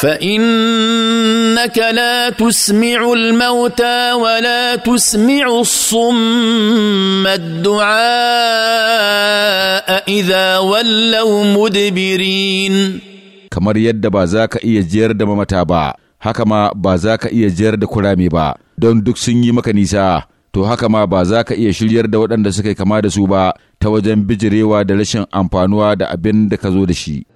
فانك لا تسمع الموتى ولا تسمع الصم الدعاء اذا ولوا مدبرين kamar yadda ba za ka iya jiyar da mamata ba haka ma ba za ka iya jiyar da kurame ba don duk sun yi maka nisa to haka ma ba za ka iya shiryar da waɗanda suka kama da su ba ta wajen bijirewa da rashin amfanuwa da abin da ka zo da shi